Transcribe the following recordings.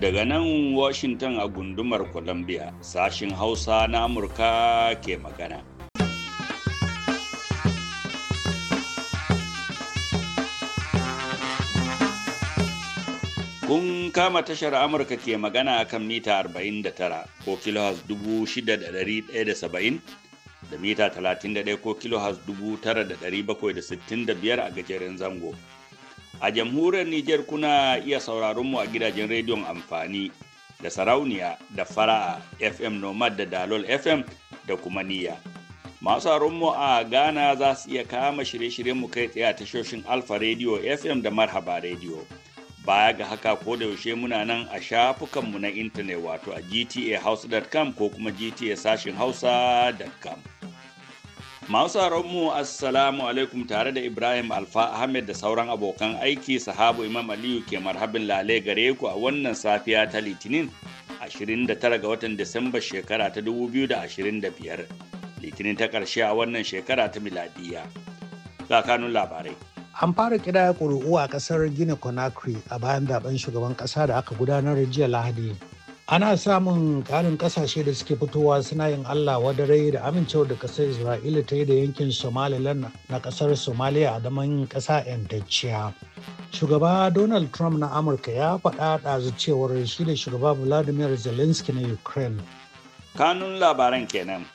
Daga nan Washington a gundumar Columbia, sashin Hausa na Amurka ke magana. Kun kama tashar Amurka ke magana akan mita 49 ko da 6,170 da mita 31 ko dubu tara da bakwai sittin da biyar a gajeren zango. A jamhuriyar Nijar kuna iya sauraron mu a gidajen rediyon amfani da sarauniya da fara'a FM Nomad da Dalol FM da kuma niyya. Masu mu a Ghana za su iya kama shirye-shiryen mu kai tsaye a tashoshin Alfa Radio FM da Marhaba Radio. Baya ga haka ko da yaushe muna nan a shafukanmu na intanet wato a gta gtahouse.com ko kuma gta sashin hausa.com. Masu mu Assalamu alaikum tare da Ibrahim Alfa Ahmed da sauran abokan aiki sahabu Imam Aliyu ke marhabin lale gare ku a wannan safiya ta Litinin 29 ga watan Disamba shekara ta 2025. Litinin ta ƙarshe a wannan shekara ta miladiya. Gakanun labarai. An fara kidaya ƙuri'u a ƙasar Gini Conakry a bayan zaben shugaban ƙasa da aka gudanar jiya Lahadi. ana samun karin kasashe da suke fitowa suna yin allah wadarai da amincewa da kasar isra'ila ta yi da yankin somaliland na kasar somaliya a zaman kasa yantacciya shugaba donald trump na amurka ya faɗa ɗazu cewar shi da shugaba vladimir zelensky na ukraine kanun labaran kenan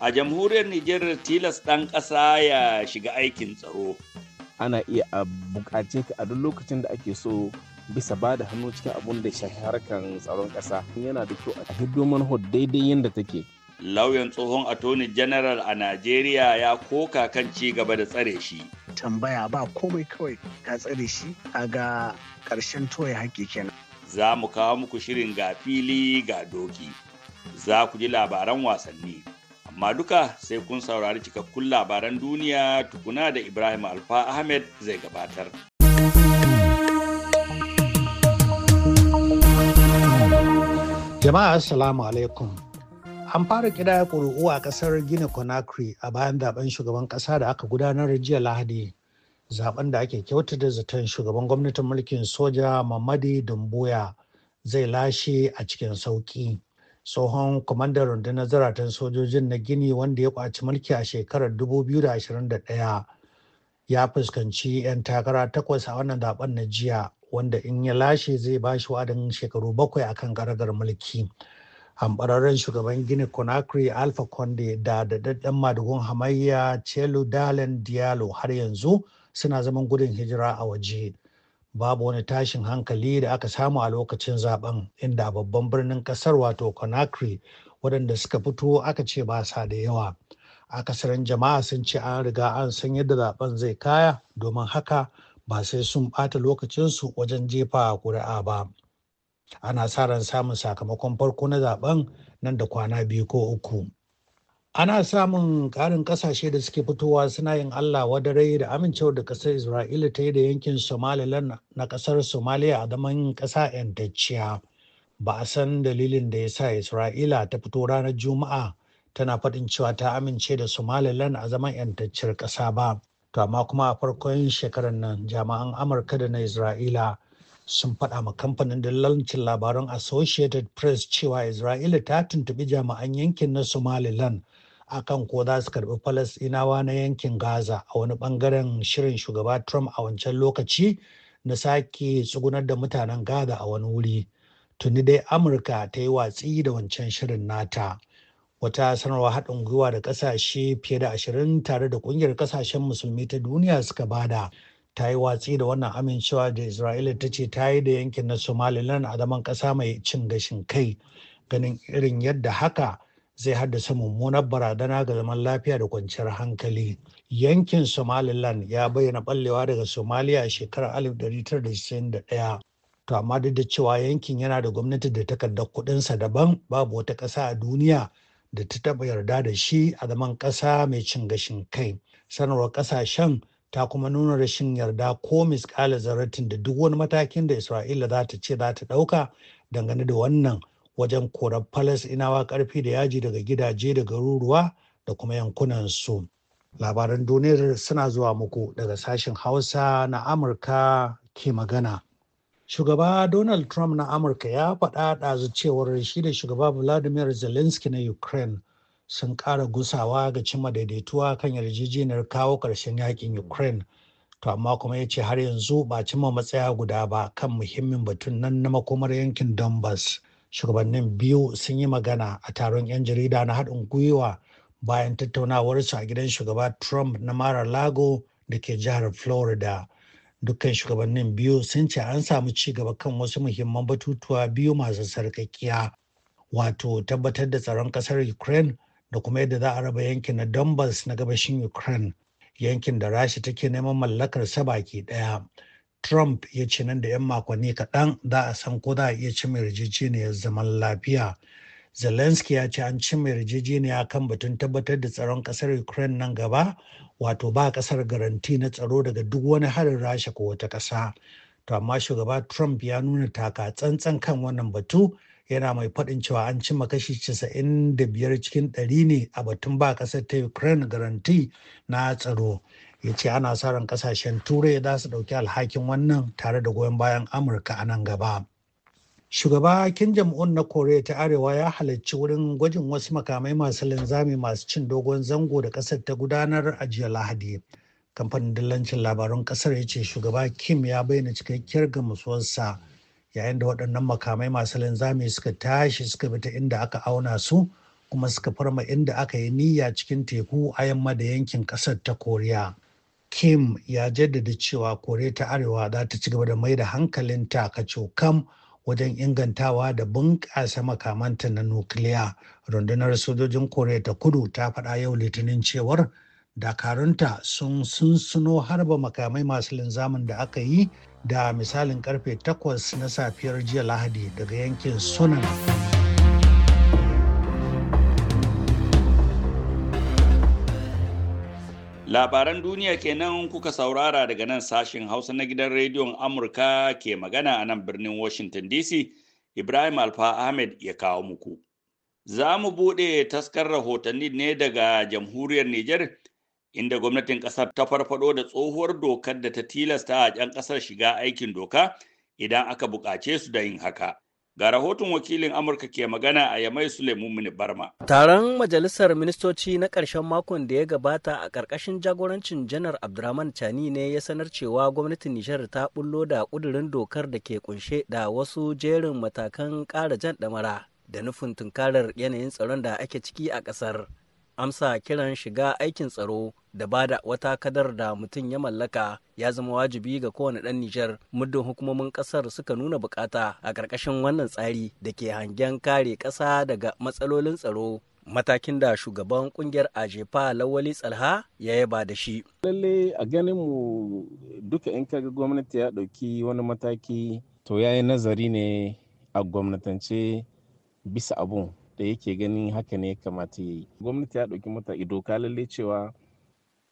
a jamhuriyar niger tilas ɗan ƙasa ya shiga aikin tsaro ana iya a a duk lokacin da ake so bisa ba da hannu cikin abun da shafi harkar tsaron ƙasa yana da kyau a hiddo manhod daidai yadda take lauyan tsohon attorney general a najeriya ya koka kan ci gaba da tsare shi tambaya ba komai kawai ka tsare shi a ga ƙarshen toye haƙƙi kenan za mu kawo muku shirin ga fili ga doki za ku ji labaran wasanni amma duka sai kun saurari cikakkun labaran duniya tukuna da ibrahim alfa ahmed zai gabatar. Jama'a Assalamu alaikum. An fara kidaya ƙuri'u a ƙasar Gini Conakry a bayan zaben shugaban ƙasa da aka gudanar jiya Lahadi. Zaben da ake kyautata zaton shugaban gwamnatin mulkin soja Mamadi Dumbuya zai lashe a cikin sauƙi. Tsohon kwamandan rundunar zaratan sojojin na Gini wanda ya kwaci mulki a shekarar 2021 ya fuskanci 'yan takara takwas a wannan zaben na jiya. wanda in ya lashe zai ba shi wadin shekaru bakwai akan garagar mulki hambararren shugaban gini conakry alpha conde da daɗaɗɗen madugun hamayya celu dalen diallo har yanzu suna zaman gudun hijira a waje babu wani tashin hankali da aka samu a lokacin zaben inda babban birnin kasar wato conakry waɗanda suka fito aka ce ba sa da yawa akasarin jama'a sun ce an riga an san yadda zaben zai kaya domin haka ba sai sun ɓata lokacinsu wajen jefa ƙuri'a ba ana sa ran samun sakamakon farko na zaben nan da kwana biyu ko uku ana samun ƙarin ƙasashe da suke fitowa suna yin allah wadarai da amincewa da ƙasar isra'ila ta yi da yankin somaliland na ƙasar somaliya a zaman ƙasa 'yantacciya ba a san dalilin da ya sa isra'ila ta fito ranar juma'a tana faɗin cewa ta amince da somaliland a zaman 'yantacciyar ƙasa ba to amma kuma a farkon shekarar nan jami'an amurka da na isra'ila sun faɗa ma kamfanin dillancin labaran associated press cewa isra'ila ta tuntuɓi jami'an yankin na somaliland akan ko za su karɓi falasɗinawa na yankin gaza a wani ɓangaren shirin shugaba trump a wancan lokaci na sake tsugunar da mutanen gaza a wani wuri tuni dai amurka ta yi watsi da wancan shirin nata wata sanarwa haɗin gwiwa da ƙasashe fiye da ashirin tare da ƙungiyar ƙasashen musulmi ta duniya suka bada ta yi watsi da wannan amincewa da isra'ila ta ce ta yi da yankin na somaliland a zaman ƙasa mai cin gashin kai ganin irin yadda haka zai haddasa mummunar barazana ga zaman lafiya da kwanciyar hankali yankin somaliland ya bayyana ɓallewa daga somaliya a shekarar 1991 to amma duk da cewa yankin yana da gwamnati da takardar kuɗinsa daban babu wata ƙasa a duniya da ta taɓa yarda da shi a zaman ƙasa mai cin gashin kai sanarwar ƙasashen ta kuma nuna rashin yarda ko miskala zaratin da duk wani matakin da isra'ila za ta ce za ta ɗauka dangane da wannan wajen korar inawa ƙarfi da yaji daga gidaje da garuruwa da kuma yankunansu labaran duniyar suna zuwa muku daga sashen hausa na amurka ke magana shugaba donald trump na amurka ya faɗa ɗazu cewar shi da shugaba vladimir zelensky na ukraine sun ƙara gusawa ga cimma daidaituwa kan yarjejeniyar kawo ƙarshen yakin ukraine to amma kuma ya ce har yanzu ba cimma matsaya guda ba kan muhimmin batun nan na makomar yankin donbass shugabannin biyu sun yi magana a taron 'yan jarida na haɗin gwiwa bayan tattaunawarsu a gidan shugaba trump na mara lago da ke jihar florida dukkan shugabannin biyu sun ce an samu ci gaba kan wasu muhimman batutuwa biyu masu sarkakiya wato tabbatar da tsaron kasar ukraine da kuma yadda za a raba yankin na donbass na gabashin ukraine yankin da rasha take neman mallakar sa baki daya trump ya ce nan da 'yan makonni kaɗan za a san ko za a iya cimma yarjejeniyar zaman lafiya zelensky ya ce an cimma yarjejeniya kan batun tabbatar da tsaron kasar ukraine nan gaba wato ba kasar garanti na tsaro daga duk wani harin rasha ko wata kasa to amma shugaba trump ya nuna taka tsantsan kan wannan batu yana mai faɗin cewa an cima kashi 95 cikin ɗari ne a batun ba ƙasar ta ukraine garanti na tsaro ya ce ana sa ran ƙasashen turai za su ɗauki alhakin wannan tare da goyon bayan amurka a nan gaba shugaba kin jam'un na koriya ta arewa ya halarci wurin gwajin wasu makamai masu linzami masu cin dogon zango da kasar ta gudanar a jiya lahadi kamfanin dillancin labarun kasar ya ce shugaba kim ya bayyana cikakkiyar gamsuwarsa yayin da waɗannan makamai masu linzami suka tashi suka bi ta inda aka auna su kuma suka farma inda aka yi niyya cikin teku a yamma da yankin ƙasar ta koriya kim ya jaddada cewa koriya ta arewa za ta ci gaba da mai da hankalinta ka cokam wajen ingantawa da bunƙasa makamanta na nukiliya rundunar sojojin koriya ta kudu ta faɗa yau litinin cewar dakarunta sun sunsuno harba makamai masu linzamin da aka yi da misalin karfe takwas na safiyar jiya lahadi daga yankin sunan Labaran duniya kenan kuka saurara daga nan sashen Hausa na gidan rediyon Amurka ke magana a nan birnin Washington DC, Ibrahim Alfa Ahmed ya kawo muku. Za mu buɗe taskar rahotanni ne daga jamhuriyar Nijar, inda gwamnatin ƙasar ta farfado da tsohuwar dokar da ta tilasta a 'yan ƙasar shiga aikin doka idan aka buƙace su da yin haka. Ga rahoton wakilin Amurka ke magana a Yamai Suleiman Barma. Taron majalisar ministoci na ƙarshen makon da ya gabata a ƙarƙashin jagorancin janar Abdurrahman Chani ne ya sanar cewa gwamnatin Nijar ta bullo da ƙudurin dokar da ke kunshe da wasu jerin matakan ƙara jan ɗamara da nufin tunkarar yanayin tsaron da ake ciki a ƙasar. amsa kiran shiga aikin tsaro da bada wata kadar da mutum ya mallaka ya zama wajibi ga kowane ɗan Nijar muddin hukumomin ƙasar suka nuna bukata a ƙarƙashin wannan tsari da ke hangen kare ƙasa daga matsalolin tsaro matakin da shugaban kungiyar ajefa lawali tsalha ya yaba da shi. Lalle a ganin mu duka in kaga gwamnati ya ɗauki wani mataki to ya yi nazari ne a gwamnatance bisa abun da yake ganin haka ne kamata ya yi gwamnati ya ɗauki mata doka lalle cewa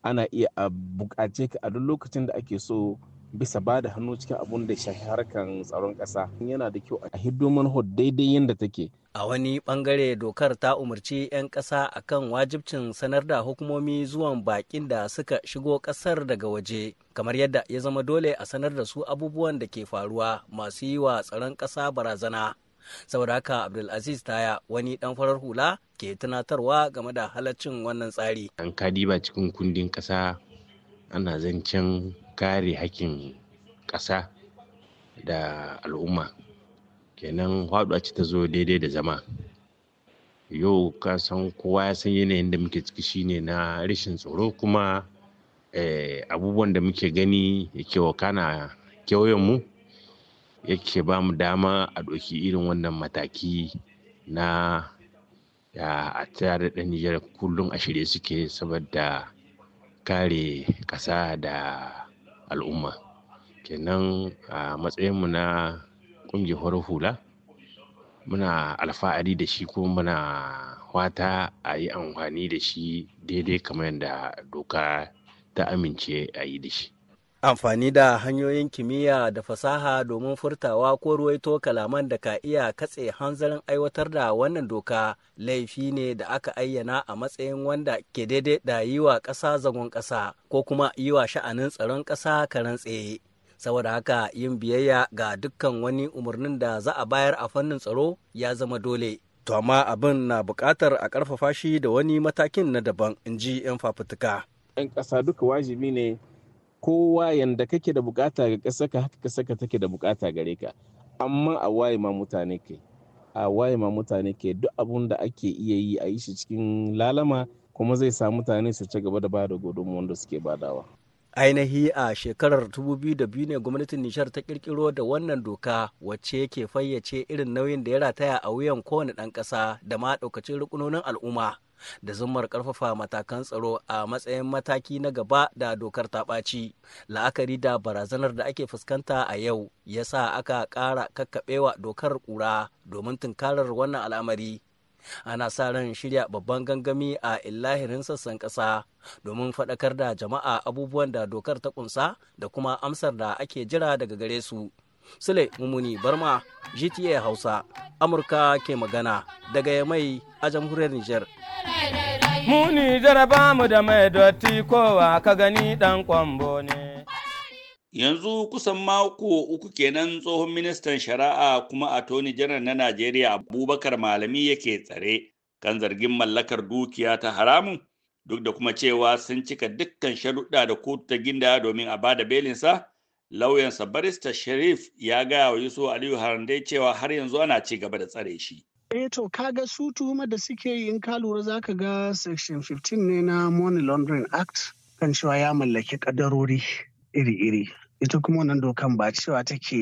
ana iya a buƙace ka a duk lokacin da ake so bisa ba da hannu cikin abun da shafi harkan tsaron ƙasa yana da kyau a hiddo manhod daidai yadda take a wani bangare dokar ta umarci 'yan ƙasa akan wajibcin sanar da hukumomi zuwan bakin da suka shigo ƙasar daga waje kamar yadda ya zama dole a sanar da su abubuwan da ke faruwa masu yi wa tsaron ƙasa barazana saboda haka abdulaziz taya wani dan farar hula ke tunatarwa game da halaccin wannan tsari an kadiba cikin kundin kasa ana zancen kare hakkin kasa da al'umma kenan a ci ta zo daidai da zama yau ka san kowa ya san yanayin da muke ciki shine na rashin tsoro kuma eh, abubuwan da muke gani ya wakana kewayen mu yake ba mu dama a ɗauki irin wannan mataki na a tare da Nijar kullum a shirye suke saboda kare ƙasa da al'umma kenan a matsayinmu na ƙungiyar hula muna alfa'ari da shi kuma muna wata a yi amfani da shi daidai kamar yadda doka ta amince a yi da shi amfani da hanyoyin kimiyya da fasaha domin furtawa ko ruwaito kalaman da ka iya katse hanzarin aiwatar da wannan doka laifi ne da aka ayyana a matsayin wanda ke daidai da yi wa ƙasa zagon ƙasa ko kuma yi wa sha'anin tsaron ƙasa ka tsaye saboda haka yin biyayya ga dukkan wani umarnin da za a bayar a fannin tsaro ya zama dole to amma abin na buƙatar a ƙarfafa shi da wani matakin na daban in ji 'yan fafutuka 'yan ƙasa duka wajibi ne kowa yanda kake da bukata ga kasaka haka kasaka take da bukata gare ka amma a waye ma mutane ke a waye ma mutane ke duk abun da ake iya yi a yi shi cikin lalama kuma zai sa mutane su ci gaba da bada gudunmuwan da suke badawa ainihi a shekarar 2002 ne gwamnatin nishar ta kirkiro da wannan doka wacce ke fayyace irin nauyin da ya rataya a wuyan kowane ɗan ƙasa da ma ɗaukacin rukunonin al'umma da zummar karfafa matakan tsaro a matsayin mataki na gaba da dokar ta ɓaci la'akari da barazanar da ake fuskanta a yau ya sa aka ƙara kakkaɓewa dokar ƙura domin tunkarar wannan al'amari ana sa ran shirya babban gangami a illahirin sassan ƙasa domin faɗakar da jama'a abubuwan da dokar ta ƙunsa da kuma amsar da ake jira daga gare su. Sule Mumuni Barma, GTA Hausa, Amurka ke magana daga Yamai a jamhuriyar Nijar. Muni jaraba mu da mai dotti kowa ka gani dan kwambo ne. Yanzu kusan mako uku kenan tsohon ministan shari'a kuma a toni janar na Najeriya Abubakar Malami yake tsare kan zargin mallakar dukiya ta haramun duk da kuma cewa sun cika dukkan sharuɗa da kotu ta ginda domin a bada belinsa lauyansa barista sharif ya gaya wa yusuf aliyu harande cewa har yanzu ana ci gaba da tsare shi eh to kaga su tuhuma da suke yi in ka lura za ka ga section 15 ne na money laundering act kan cewa ya mallaki kadarori iri-iri ita kuma wannan dokan ba cewa take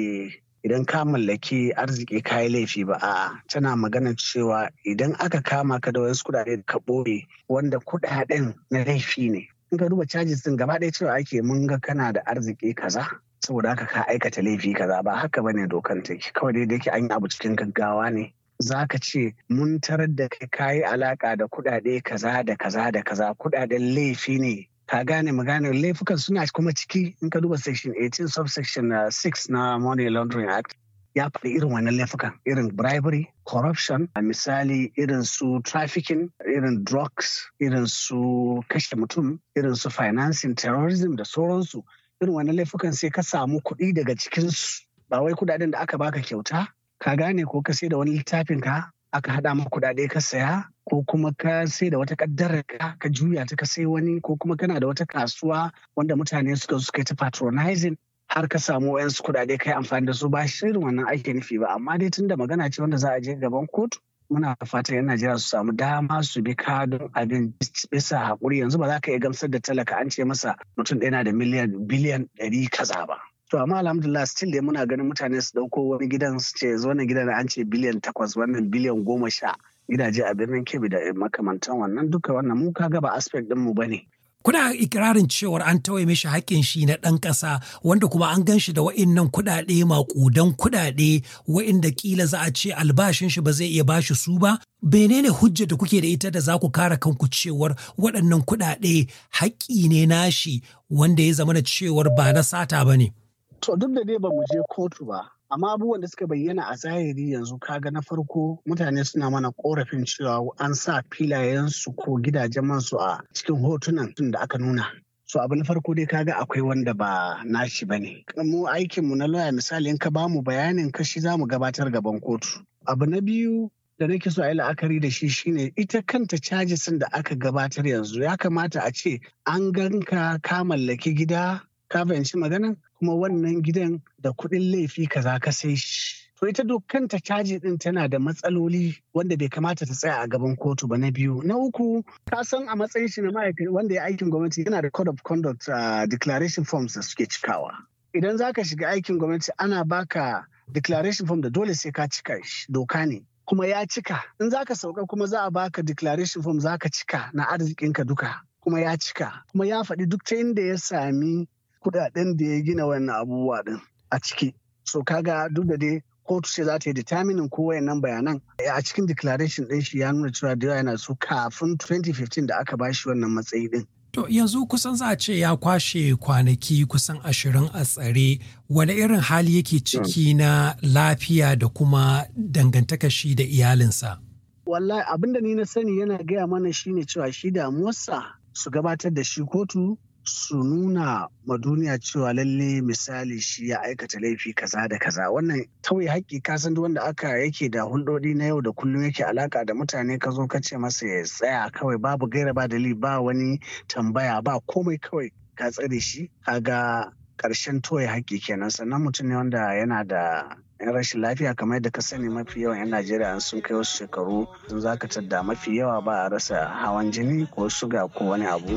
idan ka mallaki arziki kayi laifi ba a'a tana magana cewa idan aka kama ka da wasu kudade da ka ɓoye wanda kudaden na laifi ne in ka duba charges din gaba ɗaya cewa ake mun ga kana da arziki kaza saboda haka ka aikata laifi kaza ba haka bane dokan take kawai dai da an yi abu cikin gaggawa ne zaka ce mun tarar da kai kayi alaka da kudade kaza da kaza da kaza kudaden laifi ne ka gane mu gane laifukan suna kuma ciki in ka duba section 18 subsection 6 uh, na money laundering act ya faɗi irin wannan laifukan irin bribery corruption a misali irin su trafficking irin drugs irin su kashe mutum irin su financing terrorism da sauransu irin wannan laifukan sai ka samu kuɗi daga cikin su ba wai kuɗaɗen da aka baka kyauta ka gane ko ka sai da wani littafin ka aka hada ma kuɗaɗe ka saya ko kuma ka sai da wata kaddara ka ka juya ta ka sai wani ko kuma kana da wata kasuwa wanda mutane suka suka ta patronizing har ka samu wayansu ka yi amfani da su ba shirin wannan ake nufi ba amma dai tunda magana ce wanda za a je gaban kotu muna fatan 'yan Najeriya su samu dama su bi kadun abin bisa haƙuri yanzu ba za ka iya gamsar da talaka an ce masa mutum ɗaya na da miliyan biliyan ɗari kaza ba. To amma alhamdulillah still dai muna ganin mutane su ɗauko wani gidan su ce wannan gidan an ce biliyan takwas wannan biliyan goma sha gidaje a birnin Kebbi da makamantan wannan duka wannan mu kaga ba aspect ɗin ba ne. kuna ikirarin cewar an tawaye mishi haƙƙin shi na ɗan ƙasa wanda kuma an gan shi da wa'innan kuɗaɗe maƙudan kuɗaɗe wa'inda ƙila za a ce albashin shi ba zai iya bashi su ba bene ne hujja da kuke da ita da za ku kare kanku cewar waɗannan kuɗaɗe haƙƙi ne nashi wanda ya zama na cewar ba na sata ba ne. To duk da ne ba mu je kotu ba amma abubuwan da suka bayyana a zahiri yanzu kaga na farko mutane suna mana korafin cewa an sa filayensu ko gidajen mansu a cikin hotunan tun da aka nuna so abu na farko dai kaga akwai wanda ba nashi ba ne mu aikinmu na loya misali in ka ba mu bayanin kashi za mu gabatar gaban kotu abu na biyu da nake so a yi la'akari da shi shine ita kanta cajisin da aka gabatar yanzu ya kamata a ce an ganka ka mallaki gida ka fahimci magana? kuma wannan gidan da kuɗin laifi kaza ka sai shi to ita ta caji din tana da matsaloli wanda bai kamata ta tsaya a gaban kotu ba na biyu na uku ka san a matsayin shi na ma'aikata wanda ya aikin gwamnati yana da code of conduct declaration forms da suke cikawa idan za ka shiga aikin gwamnati ana baka declaration form da dole sai ka cika shi doka ne kuma ya cika in za ka sauka kuma za a baka declaration form za ka cika na ka duka kuma ya cika kuma ya faɗi duk ta inda ya sami kudaden da ya gina wannan abubuwa din a ciki so kaga duk da dai kotu ce za ta yi determining ko wayannan bayanan eh, a cikin declaration din shi ya nuna cewa da yana so kafin 2015 da aka bashi wannan matsayi din To yanzu kusan za a ce ya kwashe kwanaki kusan ashirin a tsare wani irin hali yake ciki hmm. na lafiya da kuma dangantaka shi da iyalinsa. Wallahi abinda ni na sani yana gaya mana shine cewa shi damuwarsa su gabatar da shi kotu su nuna ma duniya cewa lalle misali shi ya aikata laifi kaza da kaza wannan tauye haƙƙi ka san wanda aka yake da hulɗoɗi na yau da kullum yake alaka da mutane ka zo ka ce masa ya tsaya kawai babu gaira ba dalili ba wani tambaya ba komai kawai ka tsare shi kaga ƙarshen toye haƙƙi kenan sannan mutum ne wanda yana da yan rashin lafiya kamar yadda ka sani mafi yawan 'yan najeriya sun kai wasu shekaru sun zaka da mafi yawa ba a rasa hawan jini ko suga ko wani abu.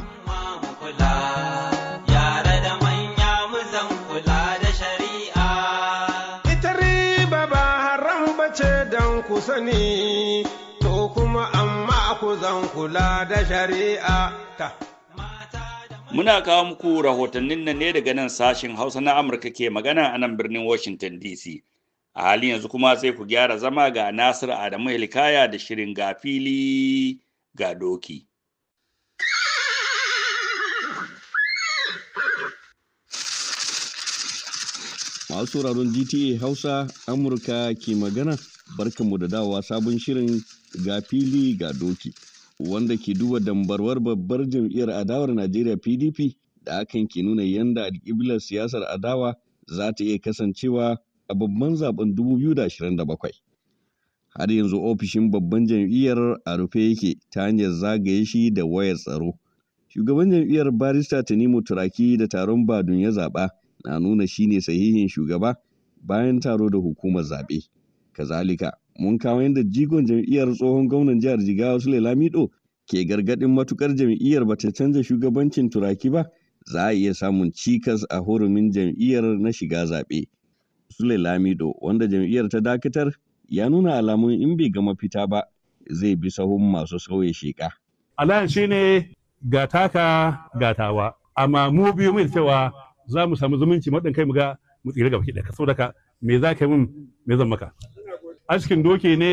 sani, to kuma amma ku zan kula da shari'a ta. Muna kawo muku rahotannin nan ne daga nan sashin Hausa na Amurka ke magana a nan birnin Washington DC. A halin yanzu kuma sai ku gyara zama ga Nasir Adamu Hilkaya da shirin gafili ga doki. Masu sauraron GTA Hausa Amurka ke magana barkanmu da dawowa sabon shirin ga fili ga doki wanda ke duba dambarwar babbar jam'iyyar adawar najeriya pdp da hakan ke nuna yadda alƙiblar siyasar adawa za ta iya kasancewa a babban zaben 2027 har yanzu ofishin babban jam'iyyar a rufe yake ta hanyar zagaye shi da wayar tsaro shugaban jam'iyyar barista tanimu turaki da taron badun ya zaba, na nuna shine sahihin shugaba bayan taro da hukumar zaɓe. Kazalika, mun kawo yadda jigon jam'iyyar tsohon gwamnan jihar Jigawa Sule Lamido ke gargadin matukar jam'iyyar ba ta canza shugabancin turaki ba, za a iya samun cikas a hurumin jam'iyyar na shiga zaɓe. Sule Lamido, wanda jam'iyyar ta dakatar, ya nuna alamun in bai ga mafita ba, zai bi sahun masu sauya sheƙa. Alayan shi ne ga taka gatawa, amma mu biyu mai cewa za mu samu zumunci maɗin kai mu ga mu tsira gaba baki ɗaya, saboda ka me za ka yi min me zan maka. askin doki ne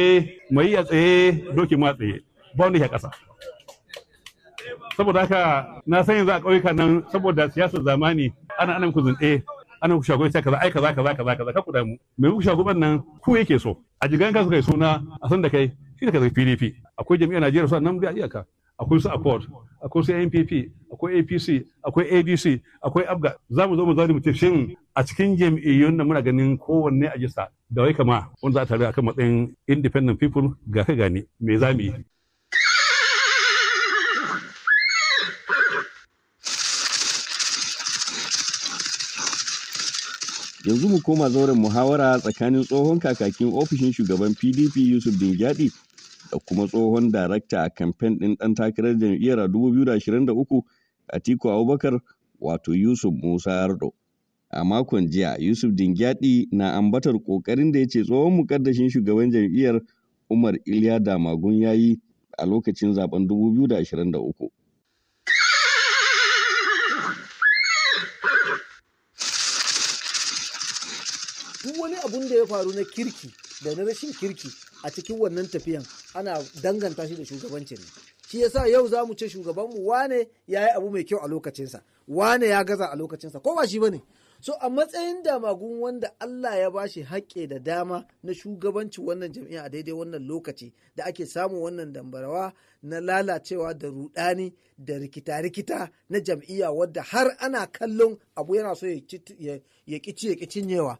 mai a tsaye doki ma tsaye ba wanda ke ƙasa saboda haka na san yanzu a ƙauyuka nan saboda siyasar zamani ana ana ku zunɗe ana ku shago ta kaza ai kaza kaza kaza kaza ka ku damu me ku shago nan ku yake so a jigan ka suka yi suna a san da kai shi da ka zai PDP akwai jami'a Najeriya su nan bai iyaka akwai su accord akwai su npp akwai apc akwai adc akwai abga za mu zo mu zaune mu ce shin a cikin jam'iyyun da muna ganin kowanne a jisa da wai kama wanda za a tare akan matsayin independent people ga ka gane me za mu yi yanzu mu koma zauren muhawara tsakanin tsohon kakakin ofishin shugaban pdp yusuf dinjadi da kuma tsohon darakta a kamfen ɗin ɗan takarar jam'iyyar a uku, Atiku Abubakar wato Yusuf Musa Yardo. A makon jiya Yusuf Dingyadi na ambatar ƙoƙarin da ya ce tsohon mukaddashin shugaban jam'iyyar Umar Iliya Damagun ya yi a lokacin zaben 2023. Duk wani abun da ya faru na kirki da na rashin kirki a cikin wannan tafiyan ana danganta shi da shugabancin ne shi yasa yau za mu ce shugabanmu wane ya yi abu mai kyau a lokacinsa wane ya gaza a lokacinsa ko ba shi ba ne so a matsayin damagun wanda Allah ya ba shi haƙƙe da dama na shugabanci wannan jam'iyya a daidai wannan lokaci da ake samun wannan dambarawa na lalacewa da rudani da rikita-rikita na jam'iyya wadda har ana kallon abu yana so ya ƙici ya ƙicinyewa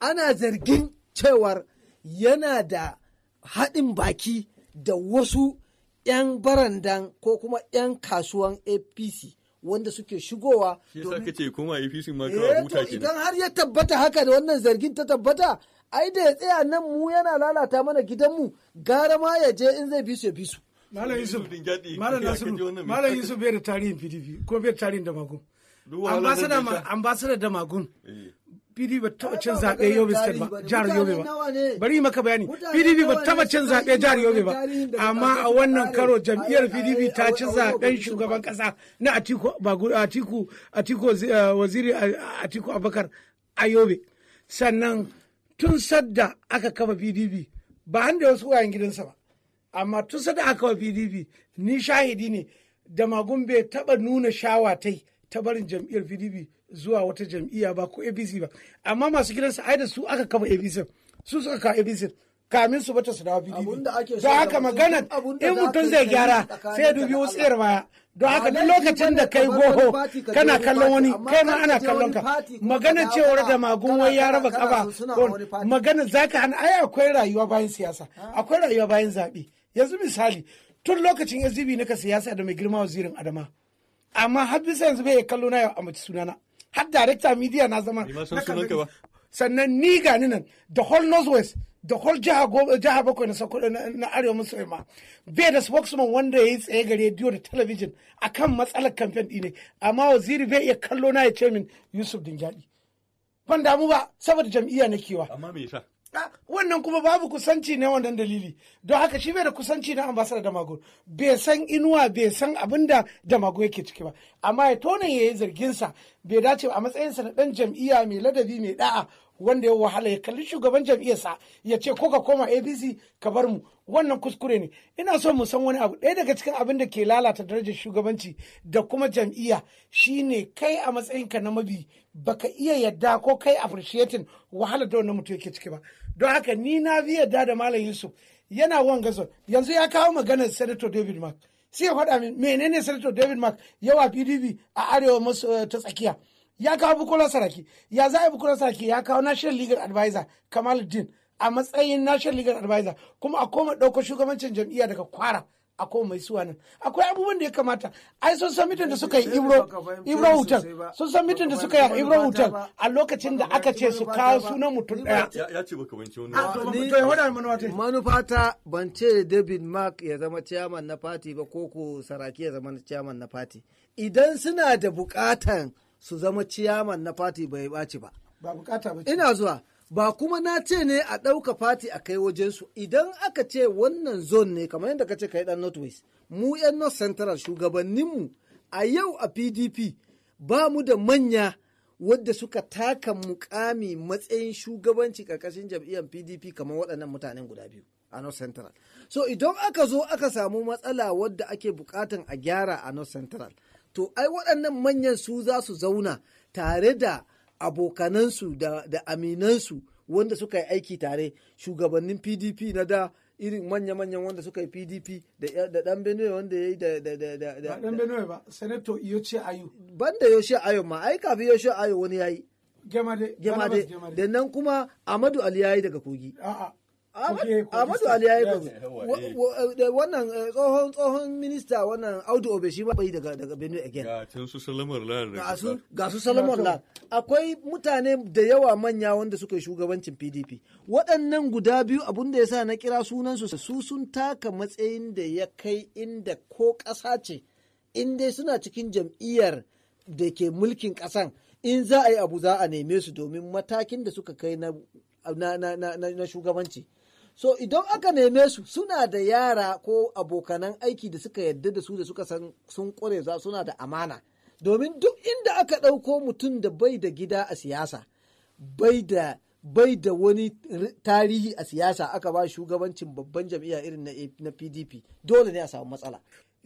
ana zargin cewar yana da haɗin baki da wasu 'yan barandan ko kuma 'yan kasuwan apc wanda suke shigowa domin ce kuma APC ma ka eh, huta ke idan har ya tabbata haka da wannan zargin ta tabbata ai da ya tsaya nan mu yana lalata mana gidanmu gara ma ya je in zai bi su ya bi su malam yusuf malam nasiru malam yusuf bai da tarihin pdp ko bai da tarihin damagun ambassador damagun eh. PDP ba cin zaɓe Yobe state ba jihar Yobe ba bari maka bayani PDP ba taɓa cin zaɓe jihar Yobe ba amma a wannan karo jam'iyyar PDP ta ci zaɓen shugaban kasa na Atiku Atiku Atiku eh, Waziri eh, Atiku Abubakar a Yobe sannan tun sadda aka kafa PDP ba an da wasu wayan gidansa ba amma tun sadda aka kafa PDP ni shahidi ne da magun bai taɓa nuna shawatai ta barin jam'iyyar pdp zuwa wata jam'iyya ba ko apc ba amma masu gidansa ai da su aka kafa apc su suka kawo apc kamin su bata su dawo pdp don haka magana in mutum zai gyara sai dubi wasu baya don haka duk lokacin da kai goho kana kallon wani kai ma ana kallon ka magana cewar da magun wai ya raba kafa magana zaka hana ai akwai rayuwa bayan siyasa akwai rayuwa bayan zaɓe yanzu misali tun lokacin yazibi na ka siyasa da mai girma wazirin adama amma har bisa yanzu bai kallo na yau a mace sunana har director media na zama sannan ni gani nan the whole west da whole jihar bakwai na sokoto na arewa musu yamma bai da spokesman wanda ya yi tsaye ga rediyo da talabijin akan matsalar kamfen ɗi ne amma waziri bai iya kallo na ya ce min yusuf dinjadi ban damu ba saboda jam'iyya na kewa Ah, wannan kuma babu kusanci ne wannan dalili don haka shi bai da kusanci na ambasada da mago bai san inuwa bai san abin da damago yake ciki ba amma ya tona ya yi zarginsa bai dace a matsayinsa na dan jam'iyya mai ladabi mai da'a wanda ya wahala ya kalli shugaban jam'iyyarsa ya ce ko ka koma abc ka bar mu wannan kuskure ne ina so mu san wani abu ɗaya daga cikin abin da ke lalata darajar shugabanci da kuma jam'iyya shine kai a matsayinka na mabi baka iya yadda ko kai appreciating wahalar da wannan mutum yake ciki ba don haka ni na fi yadda da malam yusuf yana wanga zon yanzu ya kawo maganar senator david mark sai ya faɗa min menene senator david mark yawa pdp a arewa maso eh, ta tsakiya ya kawo bukola saraki ya za a bukola saraki ya kawo national legal advisor kamaluddin a matsayin national legal advisor kuma a koma ɗauko shugabancin jam'iyya daga kwara akwai mai suwa nan akwai abubuwan da ya kamata ai sun san mitin da suka yi ibro ibro hotel sun san mitin da suka yi a ibro hotel a lokacin da aka ce su kawo sunan mutum daya ya ce baka bance wani ah, wata manufata ban ce david mark ya zama chairman na party ba ko ko saraki ya zama chairman na party idan suna da bukatan su zama chairman na party bai baci ba ba bukata ba ina zuwa ba kuma na ce ne a ɗauka fati a kai wajensu idan aka ce wannan zone ne kamar yadda ka ce kai ɗan northwest mu 'yan north central shugabanninmu a yau a pdp ba mu da manya wadda suka taka mukami matsayin shugabanci karkashin jam'iyyar pdp kamar waɗannan mutanen guda biyu a north central so idan aka zo aka samu matsala wadda ake bukatan a gyara a north central to ai waɗannan manyan su za su zauna tare da abokanansu da, da aminansu wanda suka yi aiki tare shugabannin pdp na da irin manya-manyan wanda suka yi pdp da dan benue wanda ya yi da da da da da dan benue ba senator yoshi ayo da yoshi ayo ma ai kafin yoshi ayo wani ya yi. gemade gemade da nan kuma amadu ali ya yi daga kogi a'a amadu Ali ya yi eh. Eh, wannan eh, tsohon tsohon minista wannan Audu Obe shi bai daga daga Benue again. Ga su Salamar Lan. Salamar Akwai mutane da yawa manya wanda suka yi shugabancin PDP. Waɗannan guda biyu abun da yasa na kira sunan su su sun taka matsayin da ya kai inda ko ƙasa ce in dai suna cikin jam'iyyar da ke mulkin ƙasan in za a yi abu za a neme su domin matakin da suka kai na na shugabanci. So idan aka neme su suna da yara ko abokanan aiki da suka yadda da su da suka san sun kware za suna da amana. Domin duk inda aka ɗauko mutum da bai da gida a siyasa, bai da bai da wani tarihi a siyasa aka ba shugabancin babban jam'iyya irin na PDP dole ne a samu matsala.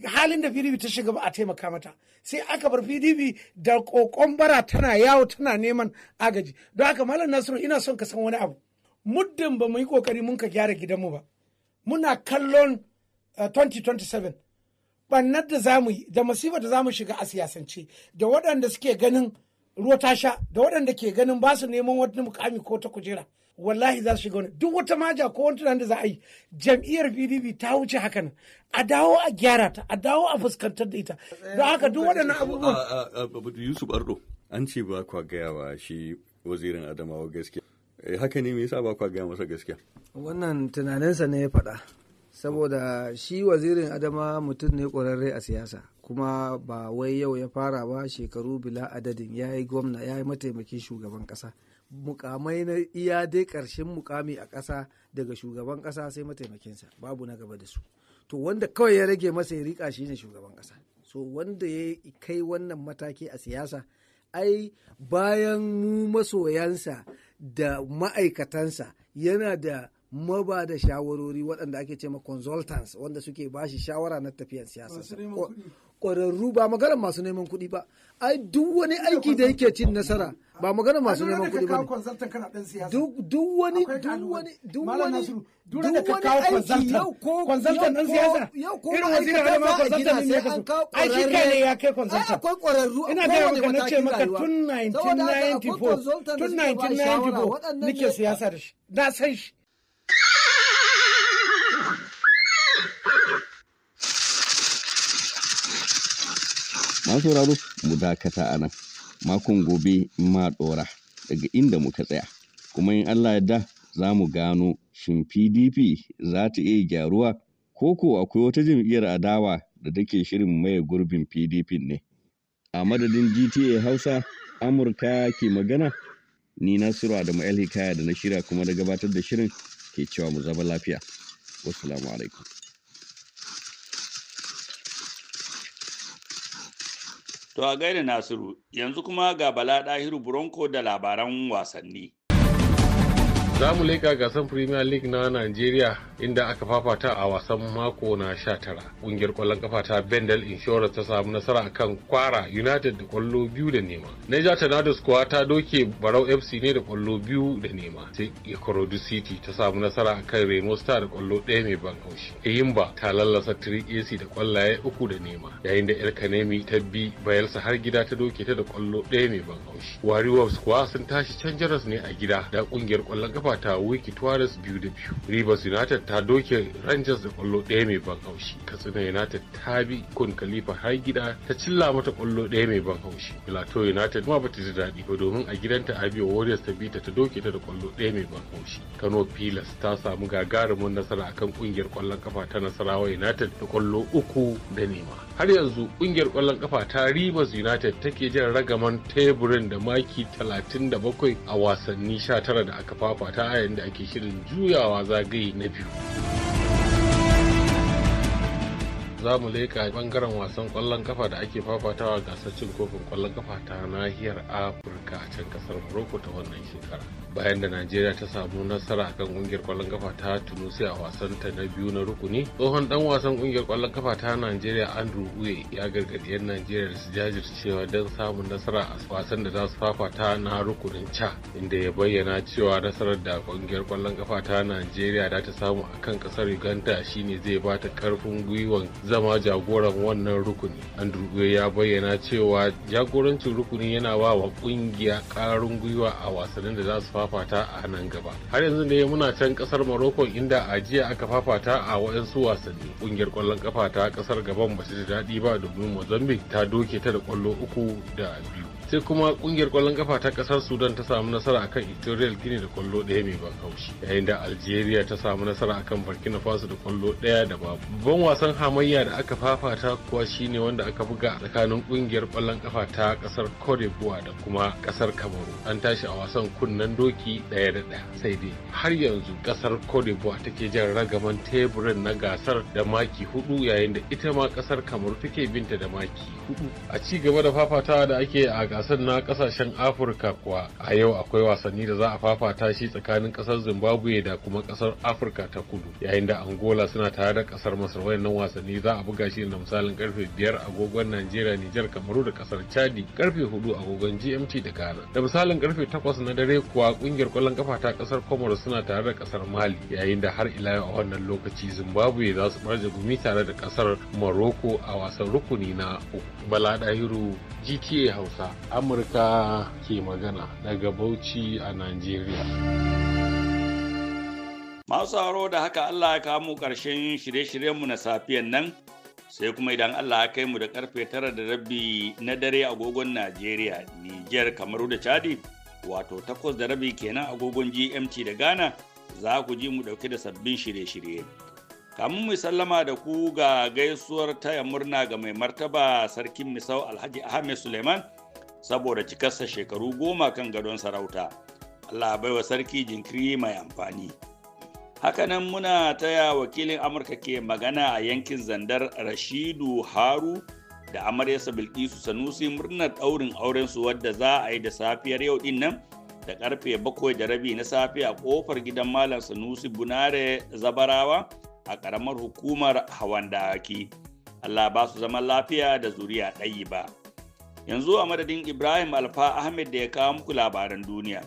halin da pdp ta shiga ba a taimaka mata sai aka bar pdp da kokon bara tana yawo tana neman agaji don haka malam nasiru ina son ka san wani abu muddin ba mu yi kokari mun ka gyara mu ba muna kallon 2027 uh, bannar da za mu yi da masifar da za mu shiga a siyasance da waɗanda suke ganin ruwa ta sha da waɗanda ke ganin ba su neman wani mukami ko ta kujera wallahi za su shiga wani duk wata maja ko wani tunanin da za a yi jam'iyyar pdp ta wuce haka nan a dawo a gyara ta a dawo a fuskantar da ita don haka duk waɗannan abubuwan yusuf ardo an ce ba kwa gayawa shi wazirin adamawa gaskiya Eh, haka ne me yasa ba ku gaya masa gaskiya wannan tunaninsa ne ya faɗa saboda shi wazirin adama mutum ne ƙwararre a siyasa kuma ba wai yau ya fara ba shekaru bila adadin ya yi gwamna ya yi mataimakin shugaban ƙasa mukamai na iya dai ƙarshen mukami a ƙasa daga shugaban ƙasa sai mataimakinsa babu na gaba da su to wanda kawai ya rage masa ya rika shi ne shugaban ƙasa so wanda ya kai wannan mataki a siyasa ai bayan mu masoyansa da ma'aikatansa yana da maba da shawarori waɗanda ake ce ma consultants wanda suke ba shi shawara na tafiyan siyasa ƙwararru ba magana masu neman kuɗi ba ai duk wani aiki da yake cin nasara ba magana masu neman kuɗi ba duk wani duk wani aiki yau ko konsultant ɗan irin ma konsultant ne ka so aiki kai ya kai consultant akwai ƙwararru ina ga maka na ce maka tun 1994 tun 1994 siyasa da shi na san Masu raro mu dakata a nan. makon gobe ma ɗora daga inda muka tsaya kuma in allah yadda za mu gano shin pdp za ta iya gyaruwa ko ko akwai wata jam'iyyar adawa da take shirin maye gurbin pdp ne a madadin gta hausa amurka ke magana ni nasiru adamu el hikaya da na shirya kuma na gabatar da shirin ke cewa mu zama lafiya wasu alaikum To a gaida Nasiru, yanzu kuma ga Bala Ɗahiru Bronco da labaran wasanni. za mu leƙa gasar premier league na nigeria inda aka fafata a wasan mako na 19 ƙungiyar ƙwallon kafa ta bendel insurance ta samu nasara akan kwara united da ƙwallo biyu da nema niger tornadoes kuwa ta doke barau fc ne da ƙwallo biyu da nema sai ikorodu city ta samu nasara akan remo star da ƙwallo ɗaya mai ban haushi eyimba ta lallasa 3ac da ƙwallaye uku da nema yayin da yar kanemi ta bi bayelsa har gida ta doke ta da ƙwallo ɗaya mai ban haushi wari kuwa sun tashi canjaras ne a gida da ƙungiyar ƙwallon kafa ta wiki tuwaris biyu da biyu rivers united ta doke rangers da kwallo ɗaya mai ban haushi katsina united ta bi kun kalifa har gida ta cilla mata kwallo ɗaya mai ban haushi plateau united kuma bata ji daɗi ba domin a gidanta abia warriors ta bita ta doke ta da kwallo ɗaya mai ban haushi kano pilas ta samu gagarumin nasara akan kungiyar kwallon kafa ta nasarawa united da kwallo uku da nema har yanzu kungiyar kwallon kafa ta rivers united take jan ragaman teburin da maki 37 a wasanni 19 da aka fafata ta yayin da ake shirin juyawa zagaye na biyu. za mu leƙa bangaren wasan kwallon kafa da ake fafatawa gasar cin kofin kwallon kafa ta nahiyar afirka a can kasar morocco ta wannan shekara bayan da najeriya ta samu nasara kan kungiyar kwallon kafa ta tunisia a wasan ta na biyu na rukuni tsohon ɗan wasan ƙungiyar kwallon kafa ta najeriya andrew uye ya gargaɗi 'yan najeriya da su jajircewa don samun nasara a wasan da za su fafata na rukunin ca inda ya bayyana cewa nasarar da ƙungiyar kwallon kafa ta najeriya da ta samu akan kasar uganda shine zai ba karfin gwiwan zama jagoran wannan rukuni andrew ya bayyana cewa jagorancin rukuni yana ba wa kungiya karin gwiwa a wasannin da za su fafata a nan gaba har yanzu ne muna can kasar morocco inda a jiya aka fafata a waɗansu wasanni kungiyar kwallon kafa ta kasar gaban ba da daɗi ba domin mozambique ta doke ta da kwallo uku da biyu sai kuma kungiyar kwallon kafa ta kasar sudan ta samu nasara akan equatorial guinea da kwallo daya mai ban haushi yayin da algeria ta samu nasara akan burkina faso da kwallo daya da babu babban wasan hamayya da aka fafata kuwa shine wanda aka buga tsakanin kungiyar kwallon kafa ta kasar cote d'ivoire da kuma kasar Cameroon an tashi a wasan kunnen doki daya da daya sai dai har yanzu kasar cote d'ivoire take jan ragaman teburin na gasar da maki hudu yayin da ita ma kasar kamaru take binta da maki hudu a ci gaba da fafatawa da ake a gasar na kasashen afirka kuwa a yau akwai wasanni da za a fafata shi tsakanin kasar zimbabwe da kuma kasar afirka ta kudu yayin da angola suna tare da kasar masar wayannan wasanni za a buga shi da misalin karfe biyar agogon najeriya nijar kamaru da kasar chadi karfe hudu agogon gmt da ghana da misalin karfe takwas na dare kuwa kungiyar kwallon kafa ta kasar comoros suna tare da kasar mali yayin da har ila yau a wannan lokaci zimbabwe za su barje gumi tare da kasar Maroko a wasan rukuni na uku bala dahiru gta hausa amurka ke magana daga bauchi a Najeriya. masu haro da haka allah ya kamo karshen shirye-shiryenmu na safiyan nan sai kuma idan allah ya kai mu da karfe tara da rabi na dare agogon najeriya niger kamaru da chadi wato takwas da rabi kenan agogon gmt da ghana za ku ji mu dauke da sabbin shirye-shirye kamun mu sallama da ku ga gaisuwar taya murna ga mai martaba sarkin misau alhaji ahmed suleiman saboda cikarsa shekaru goma kan gadon sarauta allah baiwa sarki jinkiri mai amfani hakanan muna taya wakilin amurka ke magana a yankin zandar rashidu haru da amaryarsa bilkisu sanusi murnar ɗaurin aurensu wadda za a yi da safiyar yau din nan da karfe bakwai da rabi na safe a ƙofar gidan malam sanusi bunare zabarawa a ƙaramar hukumar hawan dawaki allah ba su zaman lafiya da zuriya ɗayi ba yanzu a madadin ibrahim alfa ahmed da ya kawo muku labaran duniya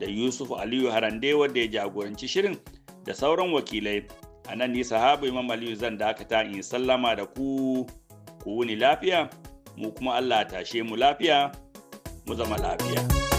da yusuf aliyu harande wanda ya jagoranci shirin da sauran wakilai a nan ni sahabu imam aliyu zan dakata in sallama da ku ku wuni lafiya mu kuma allah tashe mu lafiya mu zama lafiya.